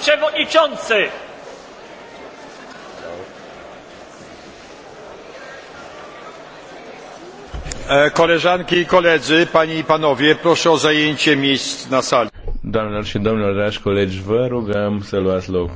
przewodniczący! Koleżanki i koledzy, panie i panowie, proszę o zajęcie miejsc na sali. Doamnelor și domnilor, dragi colegi, vă rugăm să luați loc.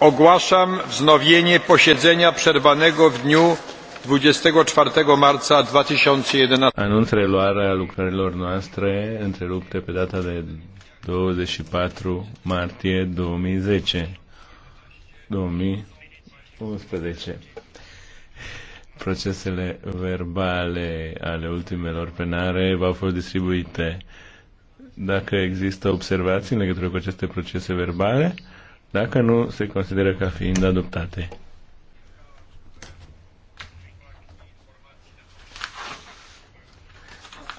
Ogłaszam wznowienie posiedzenia przerwanego w dniu 24 marca 2011. Anunț reluarea lucrărilor noastre întrerupte pe data de 24 martie 2010. 2011. Procesele verbale ale ultimelor penare v-au fost distribuite. Dacă există observații în legătură cu aceste procese verbale, dacă nu se consideră ca fiind adoptate.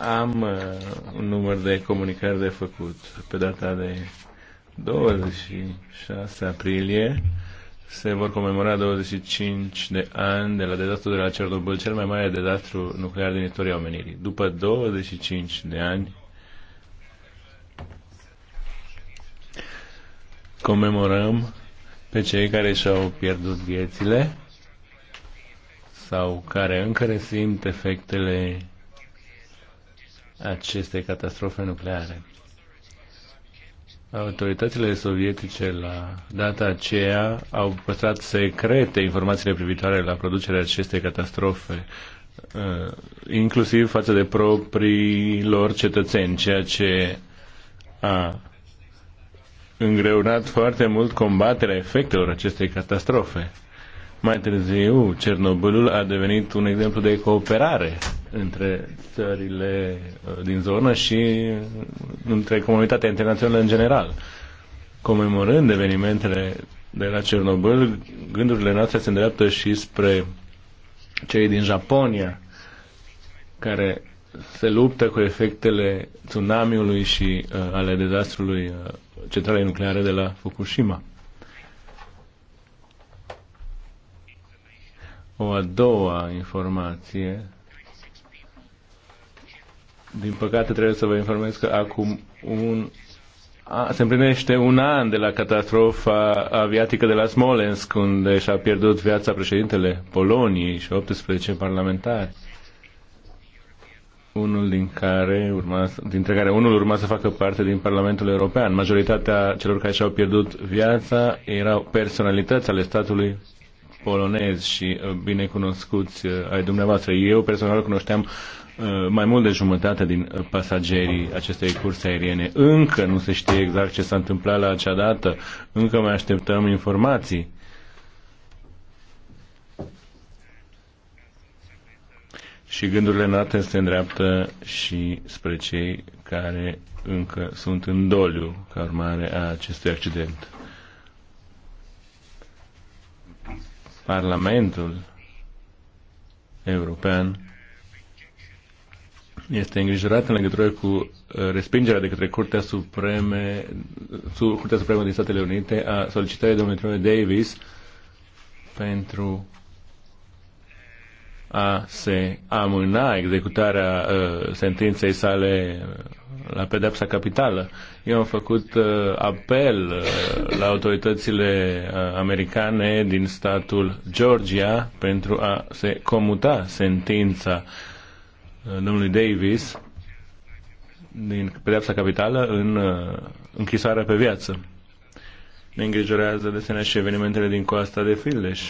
Am uh, un număr de comunicări de făcut pe data de 26 aprilie se vor comemora 25 de ani de la dezastru de la Cernobâl, cel mai mare dezastru nuclear din istoria omenirii. După 25 de ani comemorăm pe cei care și-au pierdut viețile sau care încă resimt efectele acestei catastrofe nucleare. Autoritățile sovietice la data aceea au păstrat secrete informațiile privitoare la producerea acestei catastrofe, uh, inclusiv față de propriilor cetățeni, ceea ce a îngreunat foarte mult combaterea efectelor acestei catastrofe. Mai târziu, Cernobâlul a devenit un exemplu de cooperare între țările uh, din zonă și uh, între comunitatea internațională în general. Comemorând evenimentele de la Cernobâl, gândurile noastre se îndreaptă și spre cei din Japonia, care se luptă cu efectele tsunamiului și uh, ale dezastrului uh, centralei nucleare de la Fukushima. O a doua informație. Din păcate trebuie să vă informez că acum un a, se împlinește un an de la catastrofa aviatică de la Smolensk, unde și-a pierdut viața președintele Poloniei și 18 parlamentari din care urma, dintre care unul urma să facă parte din Parlamentul European. Majoritatea celor care și-au pierdut viața erau personalități ale statului polonez și uh, binecunoscuți uh, ai dumneavoastră. Eu personal cunoșteam uh, mai mult de jumătate din pasagerii acestei curse aeriene. Încă nu se știe exact ce s-a întâmplat la acea dată, încă mai așteptăm informații. și gândurile noastre se îndreaptă și spre cei care încă sunt în doliu ca urmare a acestui accident. Parlamentul European este îngrijorat în legătură cu uh, respingerea de către Curtea Supreme, Curtea Supremă din Statele Unite a solicitării domnului Davis pentru a se amâna executarea uh, sentinței sale la pedepsa capitală. Eu am făcut uh, apel uh, la autoritățile uh, americane din statul Georgia pentru a se comuta sentința uh, domnului Davis din pedepsa capitală în uh, închisoarea pe viață. Ne îngrijorează de și evenimentele din coasta de Fildeș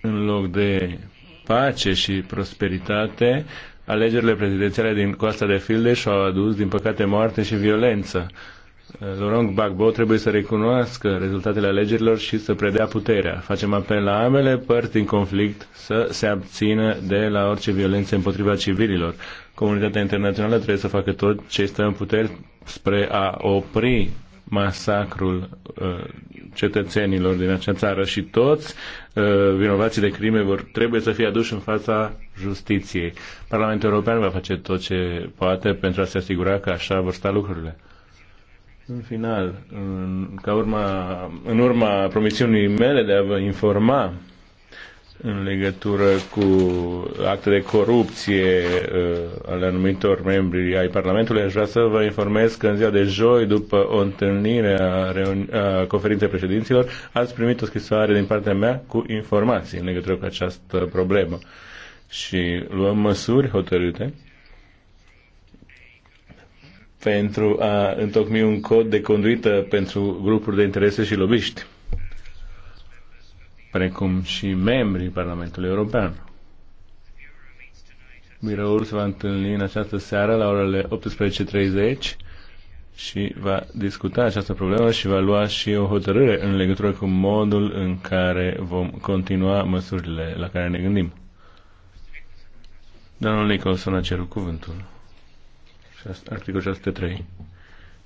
în loc de pace și prosperitate, alegerile prezidențiale din coasta de Fildeș au adus, din păcate, moarte și violență. Laurent Gbagbo trebuie să recunoască rezultatele alegerilor și să predea puterea. Facem apel la ambele părți din conflict să se abțină de la orice violențe împotriva civililor. Comunitatea internațională trebuie să facă tot ce stă în puteri spre a opri masacrul uh, cetățenilor din acea țară și toți uh, vinovații de crime vor trebuie să fie aduși în fața justiției. Parlamentul European va face tot ce poate pentru a se asigura că așa vor sta lucrurile. În final, în, ca urma, în urma promisiunii mele de a vă informa în legătură cu acte de corupție uh, ale anumitor membri ai Parlamentului, aș vrea să vă informez că în ziua de joi, după o întâlnire a, a conferinței președinților, ați primit o scrisoare din partea mea cu informații în legătură cu această problemă. Și luăm măsuri hotărâte pentru a întocmi un cod de conduită pentru grupuri de interese și lobiști precum și membrii Parlamentului European. Biroul se va întâlni în această seară la orele 18.30 și va discuta această problemă și va lua și o hotărâre în legătură cu modul în care vom continua măsurile la care ne gândim. Domnul Nicholson a cerut cuvântul. Articolul 603.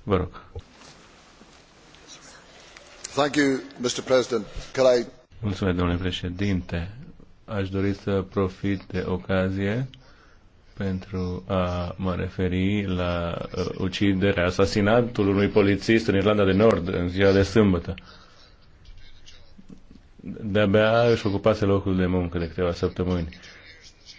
Vă rog. Thank you, Mr. President. Can I Mulțumesc, domnule președinte. Aș dori să profit de ocazie pentru a mă referi la uh, uciderea, asasinatul unui polițist în Irlanda de Nord în ziua de sâmbătă. De-abia își ocupase locul de muncă de câteva săptămâni.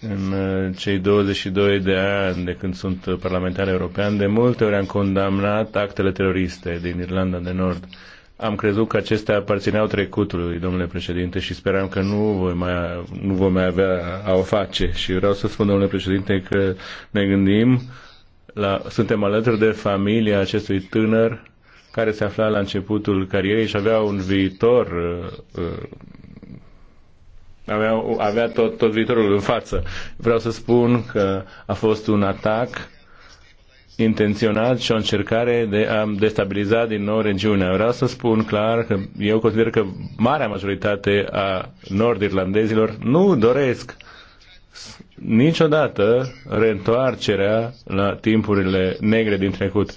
În uh, cei 22 de ani de când sunt parlamentar european, de multe ori am condamnat actele teroriste din Irlanda de Nord. Uh, am crezut că acestea aparțineau trecutului, domnule președinte, și speram că nu, voi mai, nu vom mai avea a o face. Și vreau să spun, domnule președinte, că ne gândim, la, suntem alături de familia acestui tânăr care se afla la începutul carierei și avea un viitor, uh, uh, avea, avea tot, tot viitorul în față. Vreau să spun că a fost un atac intenționat și o încercare de a destabiliza din nou regiunea. Vreau să spun clar că eu consider că marea majoritate a nord-irlandezilor nu doresc niciodată reîntoarcerea la timpurile negre din trecut.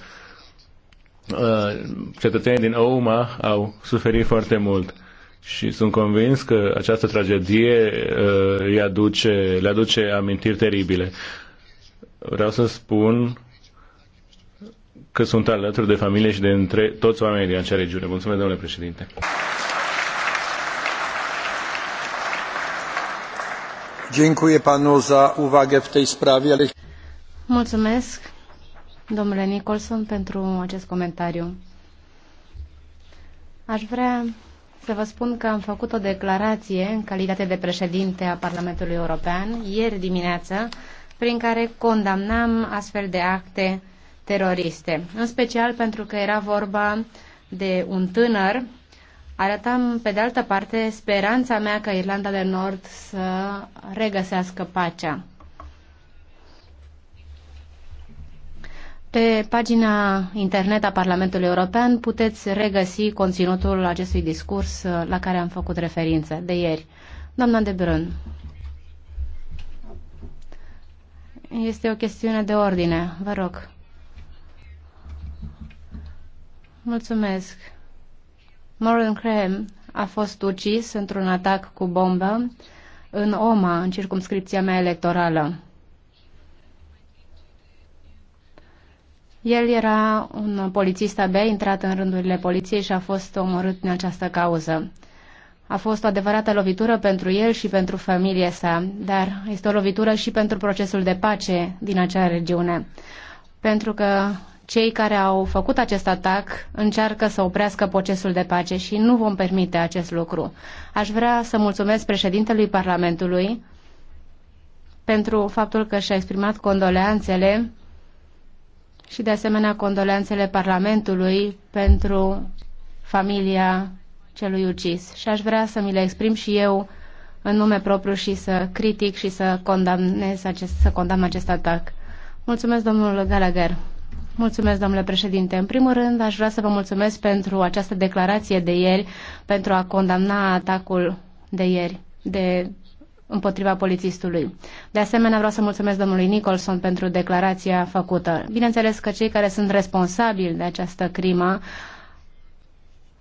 Uh, cetățenii din Ouma au suferit foarte mult și sunt convins că această tragedie uh, îi aduce, le aduce amintiri teribile. Vreau să spun că sunt alături de familie și de între toți oamenii din acea regiune. Mulțumesc, domnule președinte. Dziękuję panu za uwagę w tej sprawie. Mulțumesc, domnule Nicholson, pentru acest comentariu. Aș vrea să vă spun că am făcut o declarație în calitate de președinte a Parlamentului European ieri dimineață, prin care condamnam astfel de acte teroriste. În special pentru că era vorba de un tânăr, arătam pe de altă parte speranța mea că Irlanda de Nord să regăsească pacea. Pe pagina internet a Parlamentului European puteți regăsi conținutul acestui discurs la care am făcut referință de ieri. Doamna de Brân, este o chestiune de ordine, vă rog. Mulțumesc. Moran Cram a fost ucis într-un atac cu bombă în Oma, în circumscripția mea electorală. El era un polițist abia intrat în rândurile poliției și a fost omorât în această cauză. A fost o adevărată lovitură pentru el și pentru familia sa, dar este o lovitură și pentru procesul de pace din acea regiune. Pentru că cei care au făcut acest atac încearcă să oprească procesul de pace și nu vom permite acest lucru. Aș vrea să mulțumesc președintelui Parlamentului pentru faptul că și-a exprimat condoleanțele și de asemenea condoleanțele Parlamentului pentru familia celui ucis. Și aș vrea să mi le exprim și eu în nume propriu și să critic și să acest, să condamn acest atac. Mulțumesc, domnul Gallagher. Mulțumesc, domnule președinte. În primul rând, aș vrea să vă mulțumesc pentru această declarație de ieri, pentru a condamna atacul de ieri de împotriva polițistului. De asemenea, vreau să mulțumesc domnului Nicholson pentru declarația făcută. Bineînțeles că cei care sunt responsabili de această crimă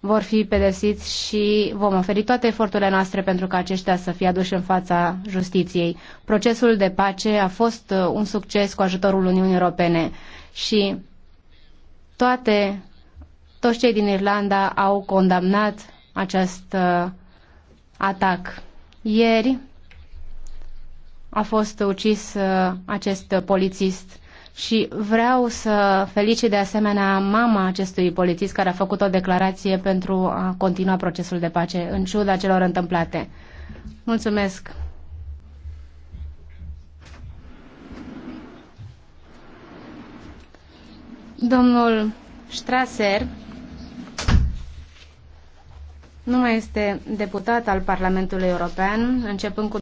vor fi pedesiți și vom oferi toate eforturile noastre pentru ca aceștia să fie aduși în fața justiției. Procesul de pace a fost un succes cu ajutorul Uniunii Europene și toate, toți cei din Irlanda au condamnat acest uh, atac. Ieri a fost ucis uh, acest polițist și vreau să felicit de asemenea mama acestui polițist care a făcut o declarație pentru a continua procesul de pace în ciuda celor întâmplate. Mulțumesc! Domnul Strasser nu mai este deputat al Parlamentului European, începând cu